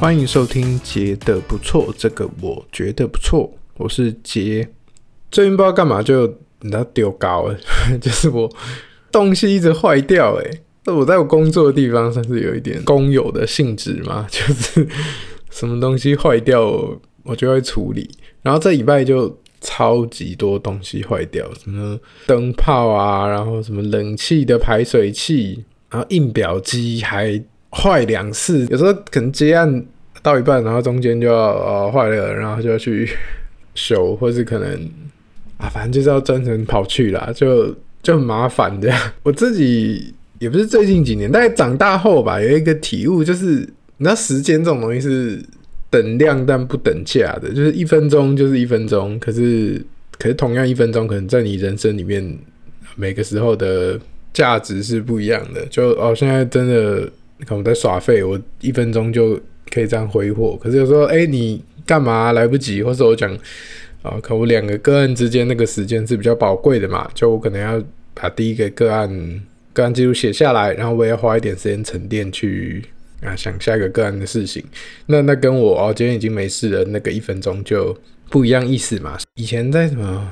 歡迎收聽，傑的不錯，這個我覺得不錯，我是杰。最近不知道幹嘛就你知道丟高了呵呵，就是我東西一直壞掉哎、欸。我在我工作的地方算是有一點工友的性質嘛，就是什麼東西壞掉我就會處理。然後這禮拜就超級多東西壞掉，什麼燈泡啊，然後什麼冷氣的排水器，然後印表機還。壞兩次，有時候可能接案到一半，然後中間就要呃壞了，然後就要去修，或是可能啊，反正就是要專程跑去啦，就就很麻煩這樣。我自己也不是最近幾年，大概長大後吧，有一個體悟，就是你知道時間這種東西是等量但不等價的，就是一分鐘就是一分鐘，可是可是同樣一分鐘，可能在你人生裡面每個時候的價值是不一樣的。就哦，現在真的。看我在耍廢，我一分鐘就可以這樣揮霍。可是有時候，哎、欸，你干嘛來不及？或者我講啊、哦，可我兩個個案之間那個時間是比較寶貴的嘛，就我可能要把第一個個案個案記錄寫下來，然後我也要花一點時間沉澱去啊想下一個個案的事情。那那跟我哦，今天已經沒事了，那個一分鐘就不一樣意思嘛。以前在什麼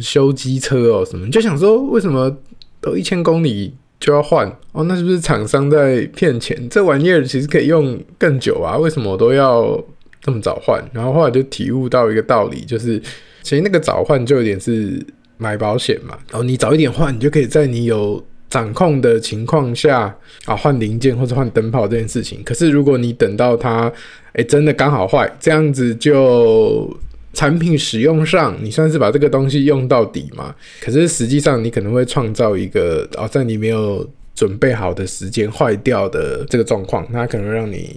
修機車哦什麼，就想說為什麼都一千公里，就要換哦，那是不是廠商在騙錢？這玩意兒其實可以用更久啊，為什麼我都要這麼早換？然後後來就體悟到一個道理，就是其實那個早換就有點是買保險嘛。然後、哦、你早一點換，你就可以在你有掌控的情況下啊、哦、換零件或者換燈泡這件事情。可是如果你等到它、欸、真的剛好壞，這樣子就。產品使用上，你算是把這個東西用到底嘛？可是實際上，你可能會創造一個哦，在你沒有準備好的時間壞掉的這個狀況，那它可能會讓你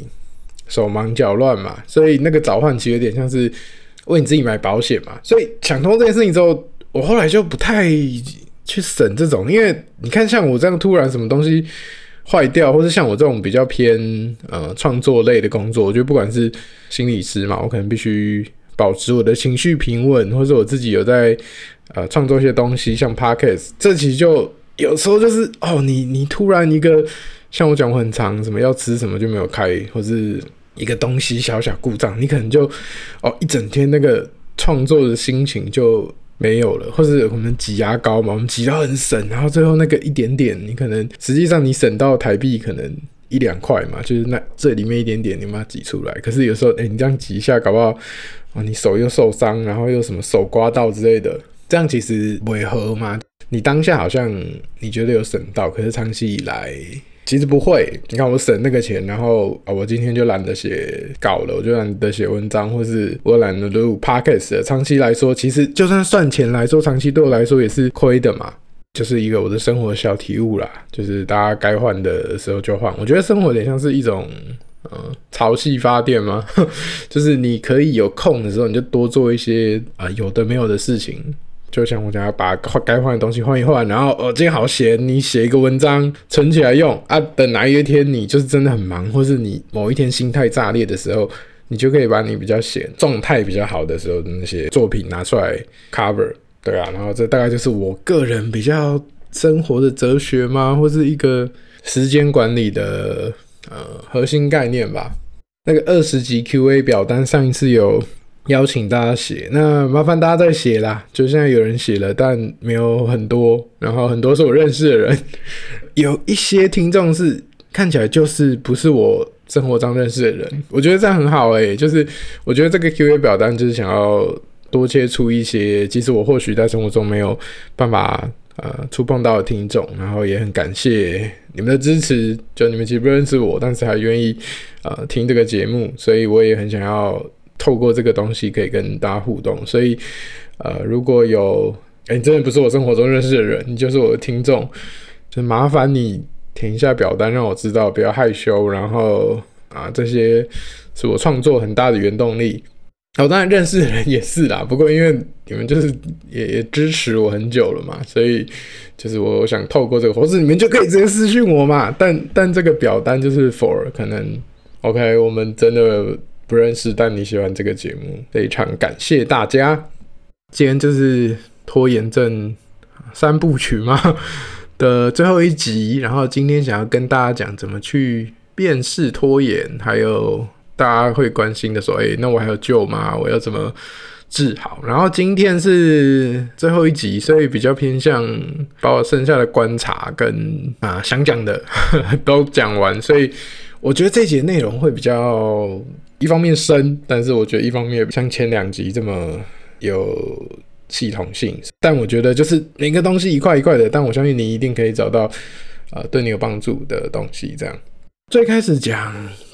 手忙腳亂嘛。所以那個早換其實有點像是為你自己買保險嘛。所以想通這件事情之後，我後來就不太去省這種，因為你看，像我這樣突然什麼東西壞掉，或者像我這種比較偏呃創作類的工作，我覺得不管是心理師嘛，我可能必須。保持我的情緒平穩，或者我自己有在呃創作一些東西，像 Podcast。這期就有時候就是哦，你你突然一個像我講我很長什麼要吃什麼就沒有開，或者一個東西小小故障，你可能就哦一整天那個創作的心情就沒有了，或者我們擠牙膏嘛，我們擠到很省，然後最後那個一點點，你可能實際上你省到台幣可能。一兩塊嘛，就是那這裡面一點點，你把它擠出來。可是有時候，哎、欸，你這樣擠一下，搞不好啊、哦，你手又受傷，然後又什麼手刮到之類的。這樣其實違和嗎？你當下好像你覺得有省到，可是長期以來，其實不會。你看我省那個錢，然後啊、哦，我今天就懶得寫稿了，我就懶得寫文章，或是我懶得錄 Podcast。長期來說，其實就算算錢來說，長期對我來說也是虧的嘛。就是一個我的生活小體悟啦，就是大家該換的時候就換。我覺得生活有點像是一種，嗯，潮汐發電嗎？ 就是你可以有空的時候，你就多做一些啊、呃、有的沒有的事情。就像我想要把換該換的東西換一換，然後呃、哦，今天好閒，你寫一個文章存起來用啊，等哪一天你就是真的很忙，或是你某一天心態炸裂的時候，你就可以把你比較閒、狀態比較好的時候的那些作品拿出來 cover。對啊，然後這大概就是我個人比較生活的哲學嗎？或是一個時間管理的呃核心概念吧。那個二十級 Q&A 表單上一次有邀請大家寫，那麻煩大家再寫啦。就現在有人寫了，但沒有很多，然後很多是我認識的人，有一些聽眾是看起來就是不是我生活中認識的人，我覺得這樣很好誒、欸，就是我覺得這個 Q&A 表單就是想要。多接觸一些，即使我或許在生活中沒有辦法呃觸碰到的聽眾，然後也很感謝你們的支持，就你們其實不認識我，但是還願意呃聽這個節目，所以我也很想要透過這個東西可以跟大家互動。所以呃，如果有哎、欸，你真的不是我生活中認識的人，你就是我的聽眾，就麻煩你填一下表單，讓我知道，不要害羞。然後啊、呃，這些是我創作很大的原動力。好、哦、當然認識的人也是啦，不過因為你們就是也也支持我很久了嘛，所以就是我想透過這個方式，你們就可以直接私訊我嘛。但但這個表單就是 for，可能 OK，我們真的不認識，但你喜歡這個節目，非常感謝大家。今天就是拖延症三部曲嘛的最後一集，然後今天想要跟大家講怎麼去辨識拖延，還有。大家會關心的說：“哎、欸，那我還有救嗎？我要怎麼治好？”然後今天是最後一集，所以比較偏向把我剩下的觀察跟啊想講的呵都講完。所以我覺得這集的內容會比較一方面深，但是我覺得一方面不像前兩集這麼有系統性。但我覺得就是每個東西一塊一塊的，但我相信你一定可以找到呃對你有幫助的東西。這樣。最開始講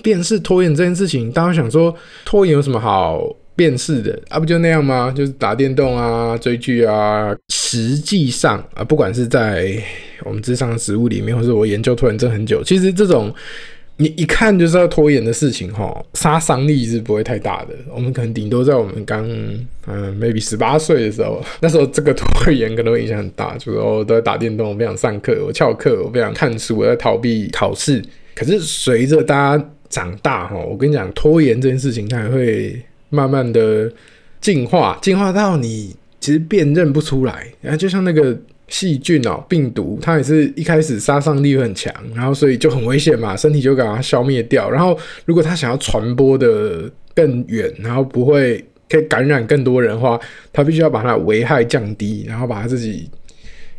辨識拖延這件事情，大家想說拖延有什麼好辨識的啊？不就那樣嗎？就是打電動啊、追劇啊。實際上啊，不管是在我們職場的實務裡面，或者我研究拖延症很久，其實這種你一看就知道拖延的事情，哈、喔，殺傷力是不會太大的。我們可能頂多在我們剛嗯，maybe 十八歲的時候，那時候這個拖延可能會影響很大，就是、哦、我都在打電動，我不想上課，我翹課，我不想看書，我在逃避考試。可是隨着大家長大，哦，我跟你講，拖延這件事情它也會慢慢的進化，進化到你其實辨認不出來。然後就像那個細菌哦，病毒，它也是一開始殺傷力會很強，然後所以就很危險嘛，身體就把它消滅掉。然後如果它想要傳播的更遠，然後不會可以感染更多人的話，它必須要把它危害降低，然後把它自己。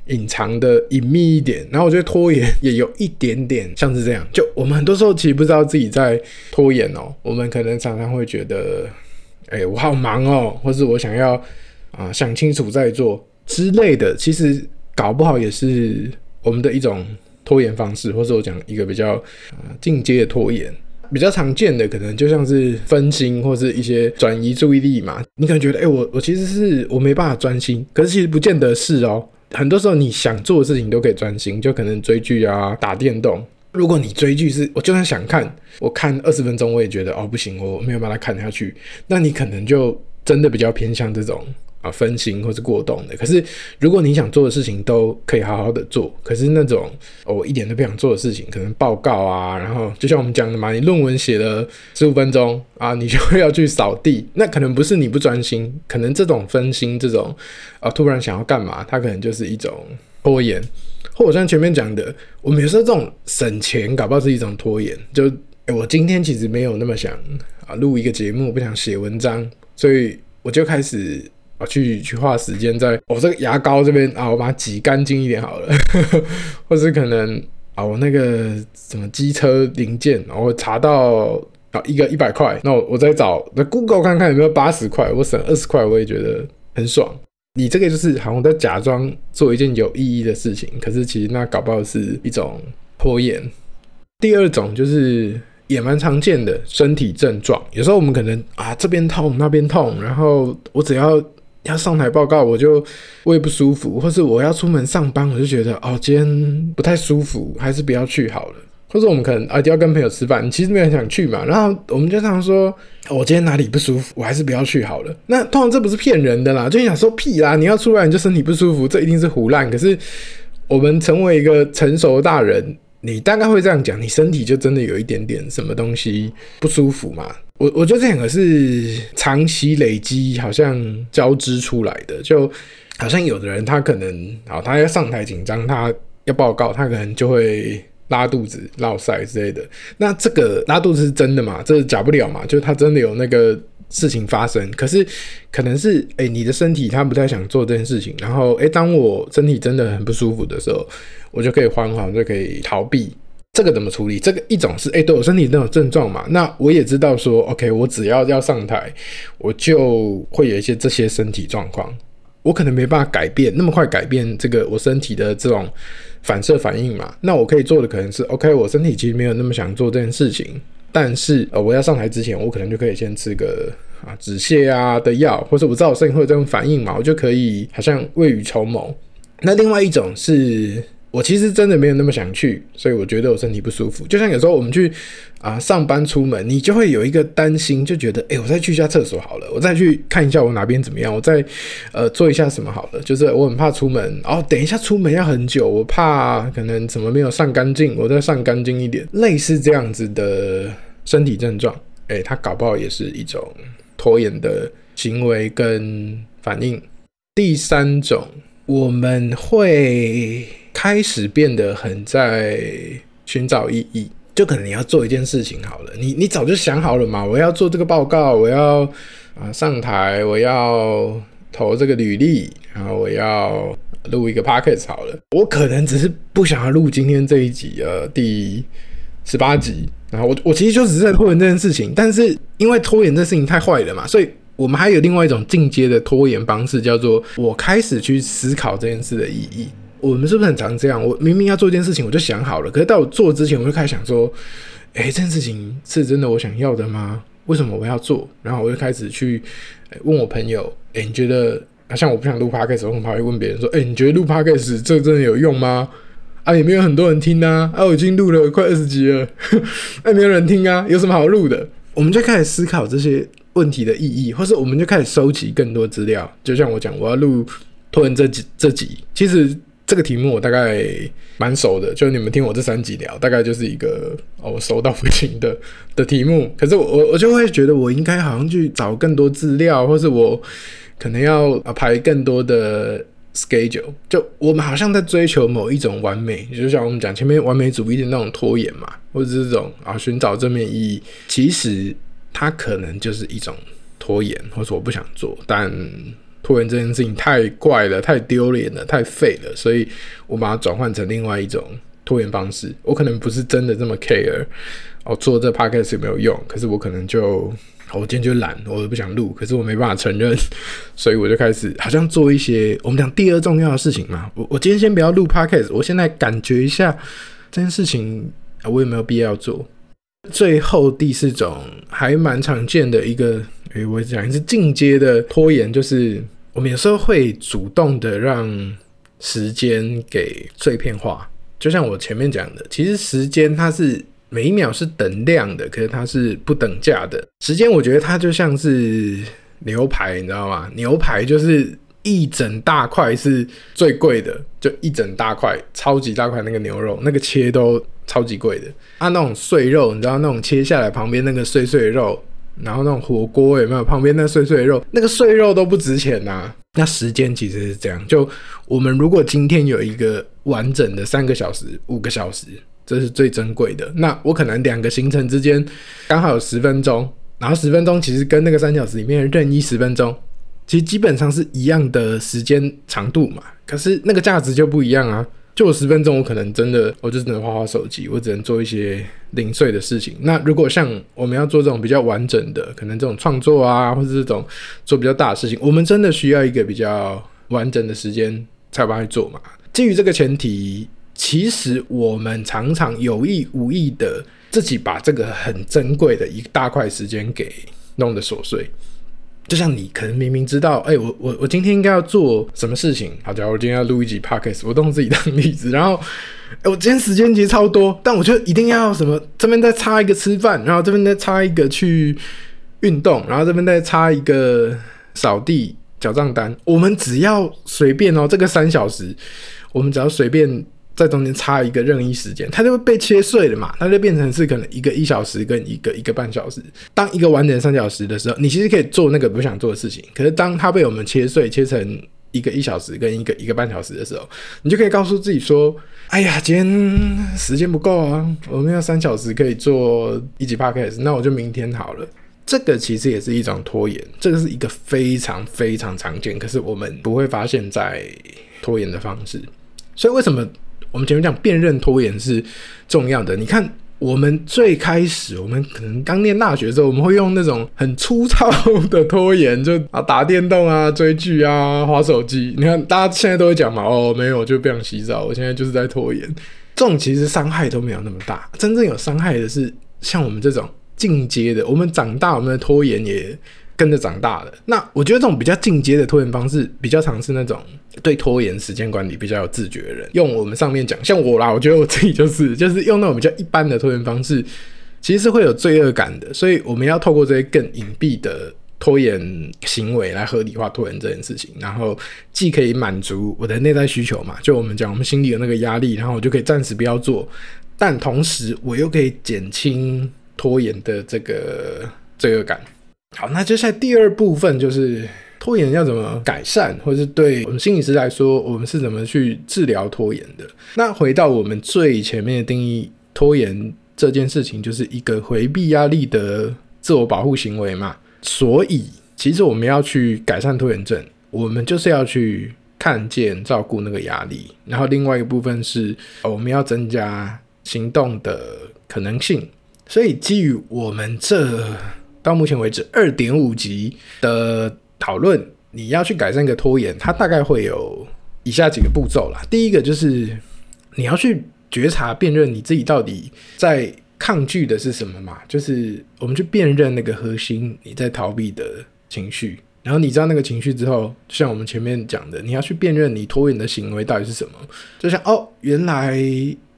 隱藏的隱秘一點，然後我覺得拖延也有一點點像是這樣。就我們很多時候其實不知道自己在拖延哦。我們可能常常會覺得，哎，我好忙哦，或是我想要啊想清楚再做之類的。其實搞不好也是我們的一種拖延方式，或是我講一個比較啊進階的拖延，比較常見的可能就像是分心或是一些轉移注意力嘛。你可能覺得，哎，我我其實是我沒辦法專心，可是其實不見得是哦。很多時候你想做的事情，你都可以專心，就可能追劇啊、打電動。如果你追劇是，我就算想看，我看二十分鐘，我也覺得哦，不行，我沒有辦法看下去。那你可能就真的比較偏向這種。啊，分心或是過動的。可是，如果你想做的事情都可以好好的做，可是那種、哦、我一點都不想做的事情，可能報告啊，然後就像我們講的嘛，你論文寫了十五分鐘啊，你就要去掃地，那可能不是你不專心，可能這種分心，這種啊，突然想要幹嘛，它可能就是一種拖延。或我像前面講的，我們有時候這種省錢，搞不好是一種拖延。就、欸、我今天其實沒有那麼想啊，錄一個節目，不想寫文章，所以我就開始。啊，去去花時間在我、哦、這個牙膏這邊啊，我把它擠乾淨一點好了。 或者可能啊，我、哦、那個什麼機車零件，然、哦、後查到啊、哦、一個一百塊，那我我再找那 Google 看看有沒有八十塊，我省二十塊，我也覺得很爽。你這個就是好像在假裝做一件有意義的事情，可是其實那搞不好是一種拖延。第二種就是也蠻常見的身體症狀，有時候我們可能啊，這邊痛那邊痛，然後我只要。要上台報告，我就胃不舒服，或是我要出門上班，我就覺得哦，今天不太舒服，還是不要去好了。或者我們可能啊，哦，一定要跟朋友吃飯，你其實沒有想去嘛。然後我們就常常說，哦，我今天哪裡不舒服，我還是不要去好了。那通常這不是騙人的啦，就你想說屁啦，你要出來你就身體不舒服，這一定是唬爛。可是我們成為一個成熟的大人，你大概會這樣講，你身體就真的有一點點什麼東西不舒服嘛。我我覺得這兩個是長期累積，好像交織出來的，就好像有的人他可能，好，他要上台緊張，他要報告，他可能就會拉肚子、落賽之類的。那這個拉肚子是真的嘛？這個假不了嘛？就他真的有那個事情發生，可是可能是，哎、欸，你的身體他不太想做這件事情，然後，哎、欸，當我身體真的很不舒服的時候，我就可以慌慌，就可以逃避。這個怎麼處理？這個一種是，哎、欸，對我身體那種症狀嘛，那我也知道說，OK，我只要要上台，我就會有一些這些身體狀況，我可能沒辦法改變，那麼快改變這個我身體的這種反射反應嘛。那我可以做的可能是，OK，我身體其實沒有那麼想做這件事情，但是，呃，我要上台之前，我可能就可以先吃個啊止瀉啊的藥，或者我知道我身體會有這種反應嘛，我就可以好像未雨綢繆。那另外一種是，我其實真的沒有那麼想去，所以我覺得我身體不舒服。就像有時候我們去啊、呃、上班出門，你就會有一個擔心，就覺得誒、欸，我再去一下廁所好了，我再去看一下我哪邊怎麼樣，我再呃做一下什麼好了。就是我很怕出門，哦，等一下出門要很久，我怕可能怎麼沒有上乾淨，我再上乾淨一點。類似這樣子的身體症狀，誒、欸，它搞不好也是一種拖延的行為跟反應。第三種，我們會。開始變得很在尋找意義，就可能你要做一件事情好了。你你早就想好了嘛？我要做這個報告，我要啊、呃、上台，我要投這個履歷，然後我要錄一個 podcast 好了。我可能只是不想要錄今天這一集，呃，第十八集。然後我我其實就只是在拖延這件事情，但是因為拖延這事情太壞了嘛，所以我們還有另外一種進階的拖延方式，叫做我開始去思考這件事的意義。我們是不是很常這樣？我明明要做一件事情，我就想好了，可是到我做之前，我就開始想說：“哎、欸，這件事情是真的我想要的嗎？為什麼我要做？”然後我就開始去問我朋友：“哎、欸，你覺得？”啊，像我不想錄 podcast，我很怕會問別人說：“哎、欸，你覺得錄 podcast 這真的有用嗎？啊，有沒有很多人聽啊啊，我已經錄了快二十集了，那、啊、沒有人聽啊，有什麼好錄的？”我們就開始思考這些問題的意義，或是我們就開始收集更多資料。就像我講，我要錄拖延這集這集，其實。這個題目我大概蠻熟的，就你們聽我這三集聊，大概就是一個哦，我熟到不行的的題目。可是我我我就會覺得我應該好像去找更多資料，或是我可能要啊排更多的 schedule。就我們好像在追求某一種完美，就像我們講前面完美主義的那種拖延嘛，或者是這種啊尋找正面意義，其實它可能就是一種拖延，或是我不想做，但。拖延這件事情太怪了，太丟臉了，太廢了，所以我把它轉換成另外一種拖延方式。我可能不是真的這麼 care 哦，做這個 podcast 有沒有用？可是我可能就、哦、我今天就懶，我也不想錄，可是我沒辦法承認，所以我就開始好像做一些我們講第二重要的事情嘛。我我今天先不要錄 podcast，我現在感覺一下這件事情我有沒有必要做？最後第四種還蠻常見的一個，誒、欸，我講是進階的拖延就是。我們有時候會主動的讓時間給碎片化，就像我前面講的，其實時間它是每一秒是等量的，可是它是不等價的。時間我覺得它就像是牛排，你知道嗎？牛排就是一整大塊是最貴的，就一整大塊超級大塊那個牛肉，那個切都超級貴的。它、啊、那種碎肉，你知道那種切下來旁邊那個碎碎肉。然後那種火鍋有沒有旁邊那碎碎肉，那個碎肉都不值錢吶、啊。那時間其實是這樣，就我們如果今天有一個完整的三個小時、五個小時，這是最珍貴的。那我可能兩個行程之間剛好有十分鐘，然後十分鐘其實跟那個三小時裡面任意十分鐘，其實基本上是一樣的時間長度嘛。可是那個價值就不一樣啊。就我十分鐘，我可能真的我就只能滑滑手機，我只能做一些。零碎的事情。那如果像我們要做這種比較完整的，可能這種創作啊，或者這種做比較大的事情，我們真的需要一個比較完整的時間才有辦法去做嘛？基於這個前提，其實我們常常有意無意的自己把這個很珍貴的一大塊時間給弄得瑣碎。就像你可能明明知道，哎、欸，我我我今天應該要做什麼事情？好家伙，我今天要錄一集 podcast，我動自己當例子，然後。哎，我今天時間其實超多，但我覺得一定要什麼，這邊再插一個吃飯，然後這邊再插一個去運動，然後這邊再插一個掃地、繳賬單。我們只要隨便哦，這個三小時，我們只要隨便在中間插一個任意時間，它就會被切碎了嘛，它就變成是可能一個一小時跟一個一個半小時。當一個完整三小時的時候，你其實可以做那個不想做的事情。可是當它被我們切碎、切成。一個一小時跟一個一個半小時的時候，你就可以告訴自己說：“哎呀，今天時間不夠啊，我們要三小時可以做一集 podcast，那我就明天好了。”這個其實也是一種拖延，這個是一個非常非常常見，可是我們不會發現在拖延的方式。所以為什麼我們前面講辨認拖延是重要的？你看。我們最開始，我們可能剛念大學的時候，我們會用那種很粗糙的拖延，就啊打電動啊、追劇啊、滑手機。你看，大家現在都會講嘛，哦，沒有，就不想洗澡，我現在就是在拖延。這種其實傷害都沒有那麼大，真正有傷害的是像我們這種進階的，我們長大，我們的拖延也跟着長大的，那我覺得這種比較進階的拖延方式，比較常是那種對拖延時間管理比較有自覺的人，用我們上面講，像我啦，我覺得我自己就是，就是用那種比較一般的拖延方式，其實是會有罪惡感的，所以我們要透過這些更隱蔽的拖延行為來合理化拖延這件事情，然後既可以滿足我的內在需求嘛，就我們講，我們心裡有那個壓力，然後我就可以暫時不要做，但同時我又可以減輕拖延的這個罪惡感。好，那接下來第二部分就是拖延要怎麼改善，或者是對我們心理師來說，我們是怎麼去治療拖延的？那回到我們最前面的定義，拖延這件事情就是一個回避壓力的自我保護行為嘛。所以，其實我們要去改善拖延症，我們就是要去看見、照顧那個壓力，然後另外一個部分是，我們要增加行動的可能性。所以，基於我們這。到目前為止，二點五集的討論，你要去改善一個拖延，它大概會有以下幾個步驟啦。第一個就是你要去覺察、辨認你自己到底在抗拒的是什麼嘛，就是我們去辨認那個核心你在逃避的情緒。然後你知道那個情緒之後，就像我們前面講的，你要去辨認你拖延的行為到底是什麼。就像哦，原來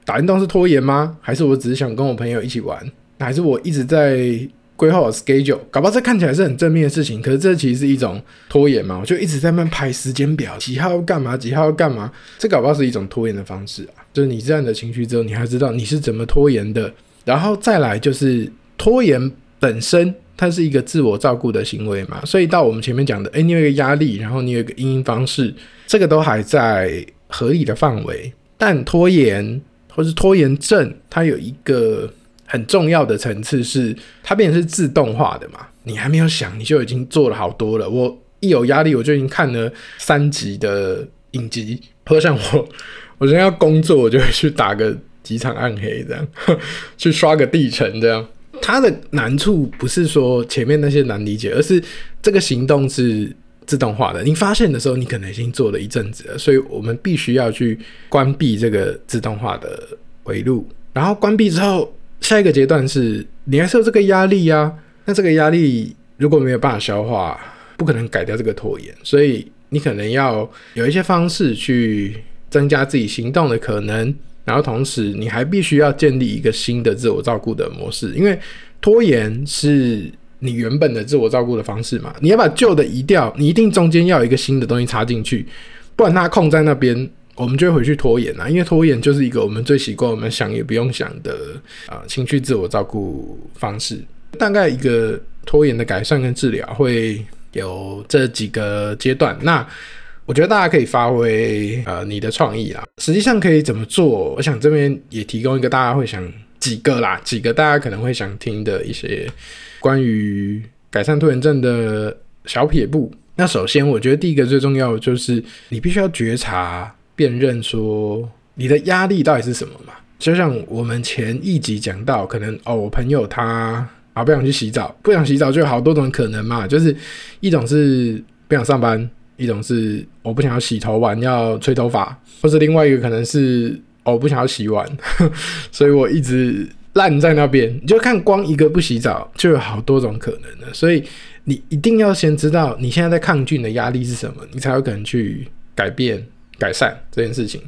打電動是拖延嗎？還是我只是想跟我朋友一起玩？還是我一直在？規劃我的 schedule，搞不好這看起來是很正面的事情，可是這其實是一種拖延嘛。我就一直在那排時間表，幾號要幹嘛，幾號要幹嘛，這搞不好是一種拖延的方式啊。就是你這樣的情緒之後，你還知道你是怎麼拖延的，然後再來就是拖延本身，它是一個自我照顧的行為嘛。所以到我們前面講的，誒，你有一個壓力，然後你有一個應對方式，這個都還在合理的範圍。但拖延或是拖延症，它有一個。很重要的層次是，它變成是自動化的嘛，你還沒有想，你就已經做了好多了。我一有壓力，我就已經看了三集的影集。或者像我，我現在要工作，我就會去打個幾場暗黑，這樣去刷個地城，這樣。它的難處不是說前面那些難理解，而是這個行動是自動化的。你發現的時候，你可能已經做了一陣子了。所以我們必須要去關閉這個自動化的回路，然後關閉之後。下一個階段是，你還是有這個壓力呀、啊。那這個壓力如果沒有辦法消化，不可能改掉這個拖延，所以你可能要有一些方式去增加自己行動的可能，然後同時你還必須要建立一個新的自我照顧的模式，因為拖延是你原本的自我照顧的方式嘛。你要把舊的移掉，你一定中間要有一個新的東西插進去，不然它空在那邊。我們就會回去拖延啦，因為拖延就是一個我們最習慣、我們想也不用想的啊、呃、情緒自我照顧方式。大概一個拖延的改善跟治療會有這幾個階段。那我覺得大家可以發揮呃你的創意啦，實際上可以怎麼做？我想這邊也提供一個大家會想幾個啦，幾個大家可能會想聽的一些關於改善拖延症的小撇步。那首先，我覺得第一個最重要的就是你必須要覺察。辨認說你的壓力到底是什麼嘛？就像我們前一集講到，可能哦，我朋友他啊不想去洗澡，不想洗澡就有好多種可能嘛。就是一種是不想上班，一種是我不想要洗頭完要吹頭髮，或者另外一個可能是哦，不想要洗碗，所以我一直爛在那邊。你就看光一個不洗澡就有好多種可能的，所以你一定要先知道你現在在抗拒你的壓力是什麼，你才有可能去改變。改善這件事情。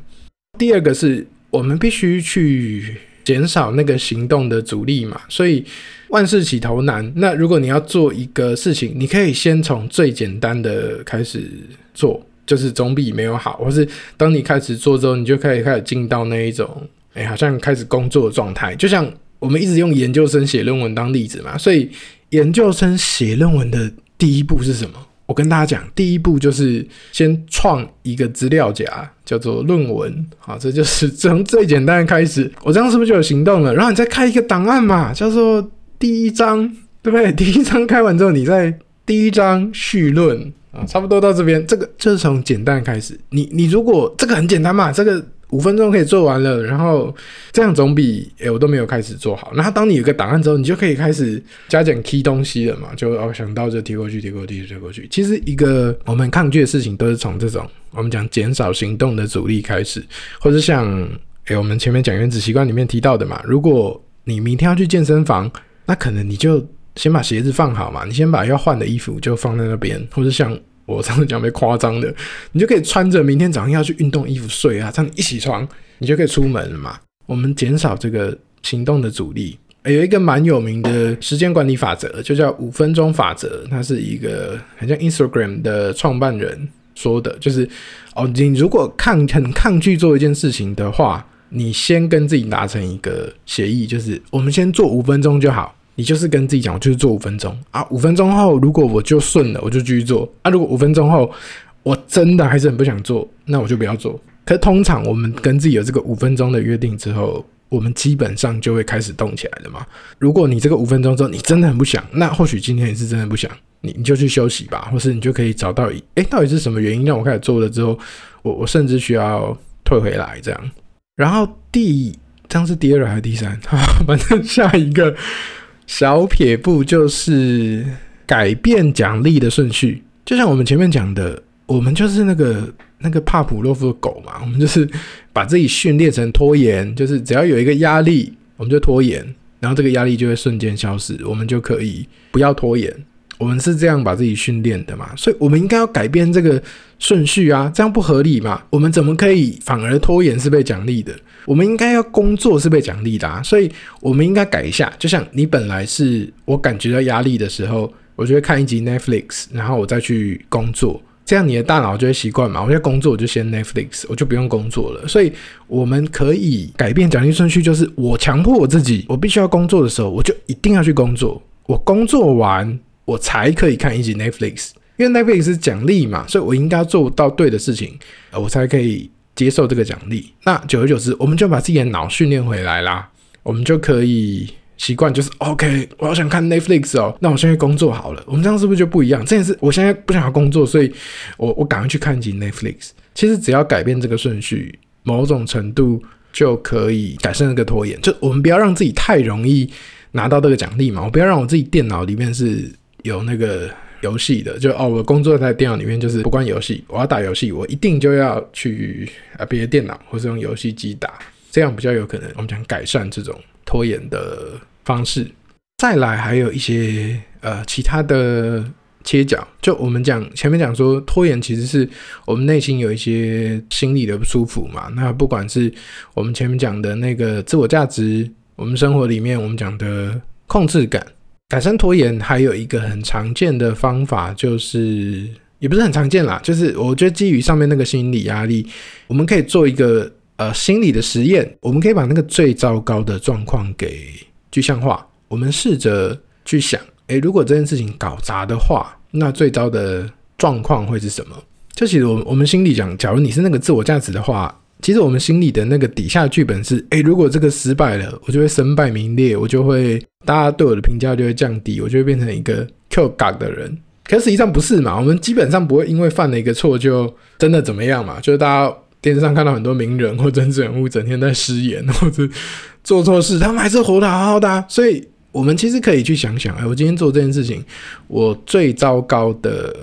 第二個是，我們必須去減少那個行動的阻力嘛。所以萬事起頭難。那如果你要做一個事情，你可以先從最簡單的開始做，就是總比沒有好。或是當你開始做之後，你就可以開始進到那一種，哎、欸，好像開始工作的狀態。就像我們一直用研究生寫論文當例子嘛。所以研究生寫論文的第一步是什麼？我跟大家講，第一步就是先創一個資料夾，叫做論文，好，這就是從最簡單的開始。我這樣是不是就有行動了？然後你再開一個檔案嘛，叫做第一章，對不對？第一章開完之後，你再第一章緒論，啊，差不多到這邊，這個就是從簡單的開始。你你如果這個很簡單嘛，這個。五分鐘可以做完了，然後這樣總比誒、欸、我都沒有開始做好。那當你有個檔案之後，你就可以開始加減 key 東西了嘛，就、哦、想到就提過，提過去，提過去，提過去。其實一個我們抗拒的事情，都是從這種我們講減少行動的阻力開始，或者像誒、欸、我們前面講原子習慣裡面提到的嘛，如果你明天要去健身房，那可能你就先把鞋子放好嘛，你先把要換的衣服就放在那邊，或者像。我上次講沒誇張的，你就可以穿着明天早上要去運動衣服睡啊，這樣一起床你就可以出門了嘛。我們減少這個行動的阻力。欸，有一個蠻有名的時間管理法則，就叫五分鐘法則。它是一個很像 Instagram 的創辦人說的，就是哦，你如果抗很抗拒做一件事情的話，你先跟自己達成一個協議，就是我們先做五分鐘就好。你就是跟自己講，我就是做五分鐘啊，五分鐘後如果我就順了，我就繼續做啊。如果五分鐘後我真的還是很不想做，那我就不要做。可是通常我們跟自己有這個五分鐘的約定之後，我們基本上就會開始動起來了嘛。如果你這個五分鐘之後你真的很不想，那或許今天也是真的不想，你你就去休息吧，或是你就可以找到以誒，到底是什麼原因讓我開始做了之後，我我甚至需要退回來這樣。然後第這樣是第二還是第三？好，反正下一個。小撇步就是改變獎勵的順序，就像我們前面講的，我們就是那個那個帕普洛夫的狗嘛，我們就是把自己訓練成拖延，就是只要有一個壓力，我們就拖延，然後這個壓力就會瞬間消失，我們就可以不要拖延，我們是這樣把自己訓練的嘛，所以我們應該要改變這個。順序啊，這樣不合理嘛？我們怎麼可以反而拖延是被獎勵的？我們應該要工作是被獎勵的啊，所以我們應該改一下。就像你本來是我感覺到壓力的時候，我就會看一集 Netflix，然後我再去工作，這樣你的大腦就會習慣嘛。我要工作，我就先 Netflix，我就不用工作了。所以我們可以改變獎勵順序，就是我強迫我自己，我必須要工作的時候，我就一定要去工作。我工作完，我才可以看一集 Netflix。因為 Netflix 是獎勵嘛，所以我應該要做到對的事情，我才可以接受這個獎勵。那久而久之，我們就把自己的腦訓練回來啦，我們就可以習慣就是 OK，我好想看 Netflix 哦，那我先去工作好了。我們這樣是不是就不一樣？這件事我現在不想要工作，所以我我趕快去看一集 Netflix。其實只要改變這個順序，某種程度就可以改善那個拖延。就我們不要讓自己太容易拿到這個獎勵嘛，我不要讓我自己電腦裡面是有那個。遊戲的就哦，我工作在電腦裡面，就是不關遊戲。我要打遊戲，我一定就要去啊別的電腦或是用遊戲機打，這樣比較有可能。我們講改善這種拖延的方式。再來還有一些呃其他的切角，就我們講前面講說拖延，其實是我們內心有一些心理的不舒服嘛。那不管是我們前面講的那個自我價值，我們生活裡面我們講的控制感。改善拖延還有一個很常見的方法，就是也不是很常見啦，就是我覺得基於上面那個心理壓力，我們可以做一個呃心理的實驗，我們可以把那個最糟糕的狀況給具象化，我們試着去想，誒、欸，如果這件事情搞砸的話，那最糟的狀況會是什麼？就其實我們我們心裡講，假如你是那個自我價值的話。其實我們心裡的那個底下劇本是，欸，如果這個失敗了，我就會身敗名裂，我就會大家對我的評價就會降低，我就會變成一個 Q 嘎的人。可實際上不是嘛？我們基本上不會因為犯了一個錯就真的怎麼樣嘛？就是大家電視上看到很多名人或政治人物整天在失言或者做錯事，他們還是活得好好的啊。所以我們其實可以去想想，哎、欸，我今天做這件事情，我最糟糕的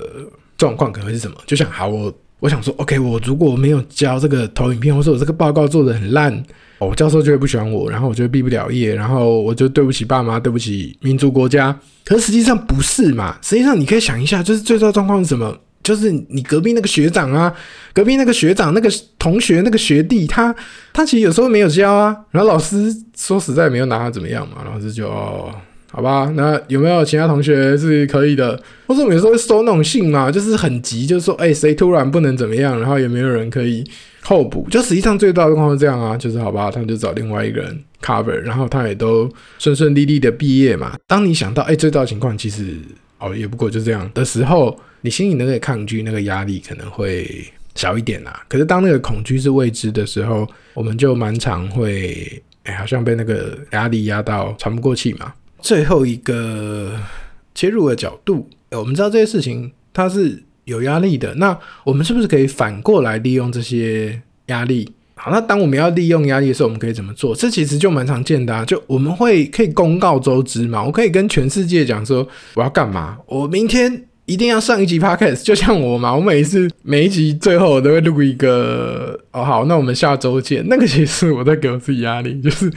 狀況可能會是什麼？就想，好，我。我想說，OK，我如果沒有交這個投影片，或說我這個報告做得很爛，我、哦、教授就會不喜歡我，然後我就畢不了業，然後我就對不起爸媽，對不起民族國家。可是實際上不是嘛？實際上你可以想一下，就是最糟狀況是什麼？就是你隔壁那個學長啊，隔壁那個學長，那個同學，那個學弟，他他其實有時候沒有交啊，然後老師說實在沒有拿他怎麼樣嘛，老師就。哦好吧，那有沒有其他同學是可以的？或者我們有時候會收那種信嘛，就是很急，就是說，哎、欸，誰突然不能怎麼樣，然後也沒有人可以候補，就實際上最大的狀況是這樣啊，就是好吧，他們就找另外一個人 cover，然後他也都順順利利的畢業嘛。當你想到，哎、欸，最大的情況其實哦也不過就這樣的時候，你心裡那個抗拒那個壓力可能會小一點啦、啊。可是當那個恐懼是未知的時候，我們就蠻常會，哎、欸，好像被那個壓力壓到喘不過氣嘛。最後一個切入的角度，欸，我們知道這些事情它是有壓力的。那我們是不是可以反過來利用這些壓力？好，那當我們要利用壓力的時候，我們可以怎麼做？這其實就蠻常見的啊，就我們會可以公告周知嘛，我可以跟全世界講說我要幹嘛？我明天一定要上一集 podcast，就像我嘛，我每一次每一集最後我都會錄一個哦，好，那我們下周見。那個其實我在給我自己壓力，就是。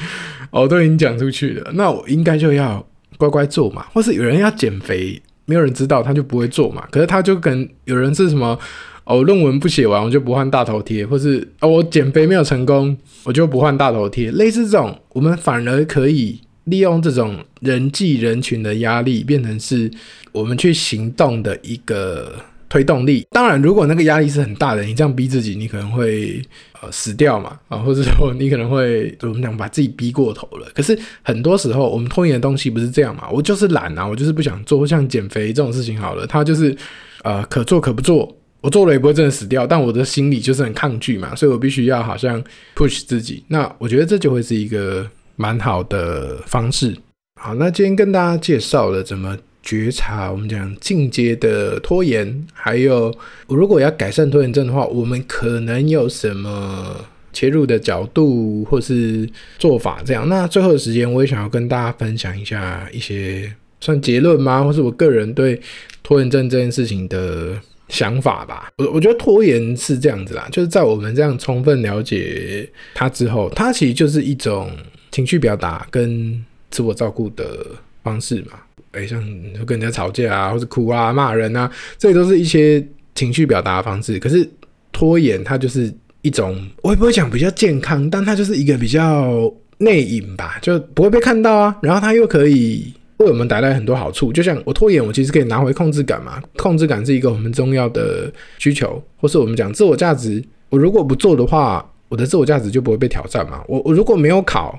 哦，都已經講出去了，那我應該就要乖乖做嘛，或是有人要減肥，沒有人知道，他就不會做嘛。可是他就跟有人是什麼哦，論文不寫完我就不換大頭貼，或是哦，我減肥沒有成功我就不換大頭貼，類似這種，我們反而可以利用這種人際人群的壓力，變成是我們去行動的一個。推動力，當然，如果那個壓力是很大的，你這樣逼自己，你可能會呃死掉嘛，啊，或者說你可能會怎麼講，把自己逼過頭了。可是很多時候，我們拖延的東西不是這樣嘛，我就是懶啊，我就是不想做。像減肥這種事情好了，它就是呃可做可不做，我做了也不會真的死掉，但我的心理就是很抗拒嘛，所以我必須要好像 push 自己。那我覺得這就會是一個蠻好的方式。好，那今天跟大家介紹了怎麼覺察，我們講進階的拖延，還有我如果要改善拖延症的話，我們可能有什麼切入的角度或是做法？這樣，那最後的時間我也想要跟大家分享一下一些算結論嗎？或是我個人對拖延症這件事情的想法吧。我我覺得拖延是這樣子啦，就是在我們這樣充分了解它之後，它其實就是一種情緒表達跟自我照顧的。方式嘛，哎、欸，像跟人家吵架啊，或者哭啊、罵人啊，這些都是一些情緒表達的方式。可是拖延，它就是一種，我也不會講比較健康，但它就是一個比較內隱吧，就不會被看到啊。然後它又可以為我們帶來很多好處。就像我拖延，我其實可以拿回控制感嘛。控制感是一個我們重要的需求，或是我們講自我價值。我如果不做的話，我的自我價值就不會被挑戰嘛。我我如果沒有考。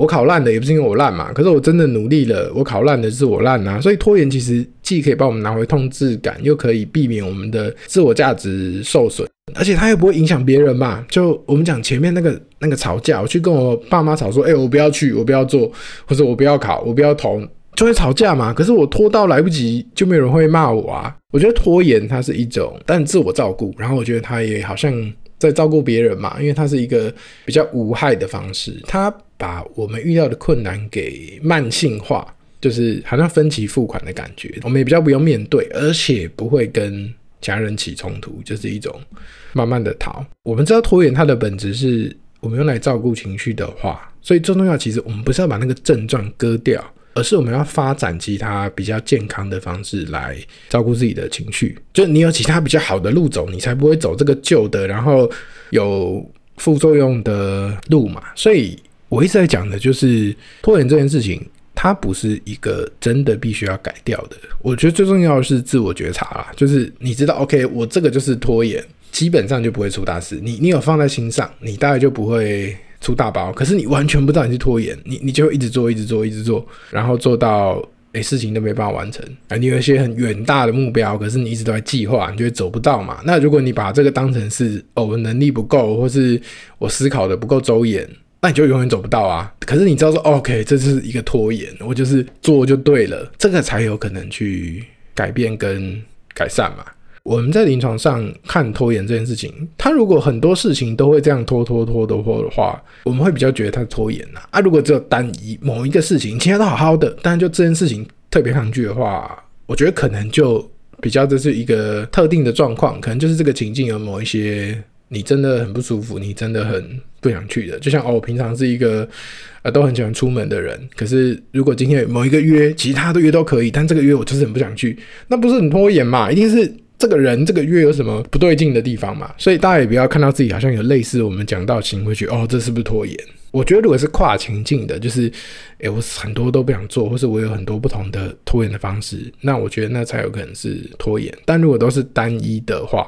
我考爛的也不是因為我爛嘛，可是我真的努力了，我考爛的是我爛啊。所以拖延其實既可以幫我們拿回控制感，又可以避免我們的自我價值受損，而且它又不會影響別人嘛。就我們講前面那個那個吵架，我去跟我爸媽吵說，哎、欸，我不要去，我不要做，或者我不要考，我不要同，就會吵架嘛。可是我拖到來不及，就沒有人會罵我啊。我覺得拖延它是一種，但自我照顧，然後我覺得它也好像。在照顧別人嘛，因為它是一個比較無害的方式。它把我們遇到的困難給慢性化，就是好像分期付款的感覺，我們也比較不用面對，而且不會跟家人起衝突，就是一種慢慢的逃。我們知道拖延它的本質是我們用來照顧情緒的話，所以最重要其實我們不是要把那個症狀割掉。而是我們要發展其他比較健康的方式來照顧自己的情緒，就你有其他比較好的路走，你才不會走這個舊的，然後有副作用的路嘛。所以我一直在講的就是拖延這件事情，它不是一個真的必須要改掉的。我覺得最重要的是自我覺察啦，就是你知道，OK，我這個就是拖延，基本上就不會出大事。你你有放在心上，你大概就不會。出大包，可是你完全不知道你是拖延，你你就會一直做，一直做，一直做，然後做到哎事情都沒辦法完成啊！你有一些很遠大的目標，可是你一直都在計劃，你就會走不到嘛。那如果你把這個當成是哦我能力不夠，或是我思考的不夠周延，那你就永遠走不到啊。可是你知道說，OK，這是一個拖延，我就是做就對了，這個才有可能去改變跟改善嘛。我們在臨床上看拖延這件事情，他如果很多事情都會這樣拖拖拖的拖，拖的話，我們會比較覺得他拖延吶啊，啊。如果只有單一某一個事情，其他都好好的，但是就這件事情特別抗拒的話，我覺得可能就比較這是一個特定的狀況，可能就是這個情境有某一些你真的很不舒服，你真的很不想去的。就像哦，我平常是一個啊、呃，都很喜歡出門的人，可是如果今天某一個約，其他的約都可以，但這個約我就是很不想去，那不是很拖延嘛？一定是。這個人這個月有什麼不對勁的地方嘛？所以大家也不要看到自己好像有類似我們講到情緒會，會去哦，這是不是拖延？我覺得如果是跨情境的，就是，誒，我很多都不想做，或是我有很多不同的拖延的方式，那我覺得那才有可能是拖延。但如果都是單一的話，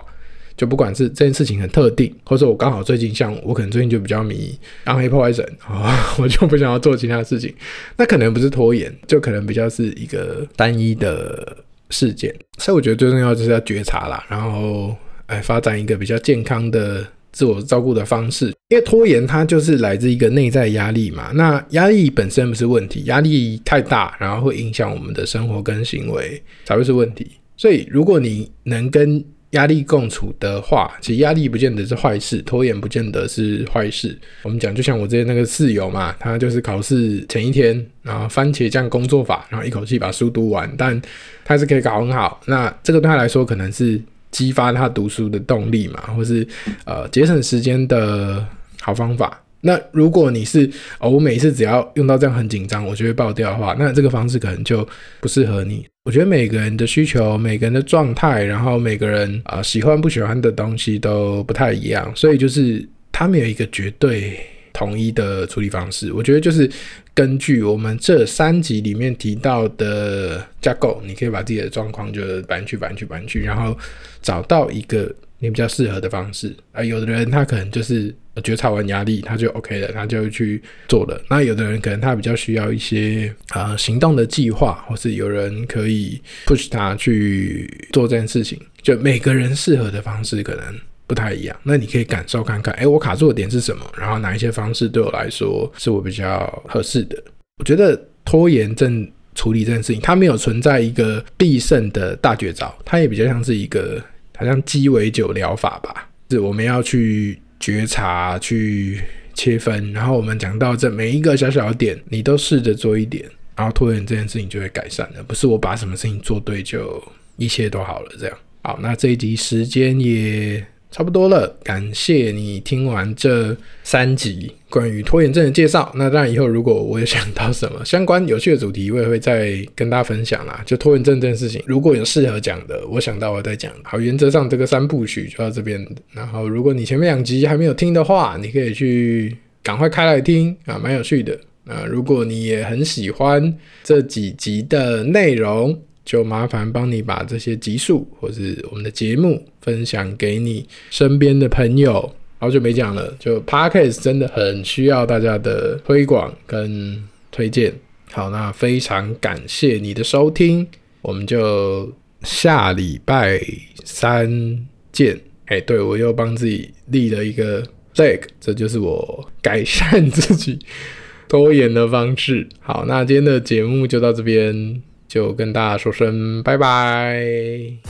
就不管是這件事情很特定，或者我剛好最近，像我可能最近就比較迷暗黑破壞神啊、哦，我就不想要做其他的事情，那可能不是拖延，就可能比較是一個單一的事件，所以我覺得最重要就是要覺察啦，然後哎，發展一個比較健康的自我照顧的方式。因為拖延它就是來自一個內在壓力嘛，那壓力本身不是問題，壓力太大，然後會影響我們的生活跟行為，才會是問題。所以如果你能跟壓力共處的話，其實壓力不見得是壞事，拖延不見得是壞事。我們講，就像我之前那個室友嘛，他就是考試前一天，然後番茄醬工作法，然後一口氣把書讀完，但他是可以搞很好。那這個對他來說，可能是激發他讀書的動力嘛，或是呃節省時間的好方法。那如果你是哦，我每次只要用到這樣很緊張，我就會爆掉的話，那這個方式可能就不適合你。我覺得每個人的需求、每個人的狀態，然後每個人啊、呃、喜歡不喜歡的東西都不太一樣，所以就是他沒有一個絕對統一的處理方式。我覺得就是根據我們這三集裡面提到的架構，你可以把自己的狀況就搬去、搬去、搬去，然後找到一個你比較適合的方式。啊、呃，有的人他可能就是，覺察完壓力，他就 OK 了，他就去做了。那有的人可能他比較需要一些呃行動的計劃，或是有人可以 push 他去做這件事情。就每個人適合的方式可能不太一樣。那你可以感受看看，哎，我卡住的點是什麼？然後哪一些方式對我來說是我比較合適的？我覺得拖延症處理這件事情，它沒有存在一個必勝的大絕招，它也比較像是一個好像雞尾酒療法吧，是我們要去。覺察去切分，然後我們講到這每一個小小的點，你都試着做一點，然後拖延這件事情就會改善了。不是我把什麼事情做對就一切都好了，這樣。好，那這一集時間也。差不多了，感謝你聽完這三集關於拖延症的介紹。那當然，以後如果我有想到什麼 相關有趣的主題，我也會再跟大家分享啦。就拖延症這件事情，如果有適合講的，我想到我再講。好，原則上這個三部曲就到這邊。然後，如果你前面兩集還沒有聽的話，你可以去趕快開來聽啊，蠻有趣的啊。那如果你也很喜歡這幾集的內容，就麻煩幫你把這些集數或是我們的節目分享給你身邊的朋友。好久沒講了，就 Podcast 真的很需要大家的推廣跟推薦。好，那非常感謝你的收聽，我們就下禮拜三見。哎，對我又幫自己立了一個 flag，這就是我改善自己拖延的方式。好，那今天的節目就到這邊。就跟大家說聲拜拜。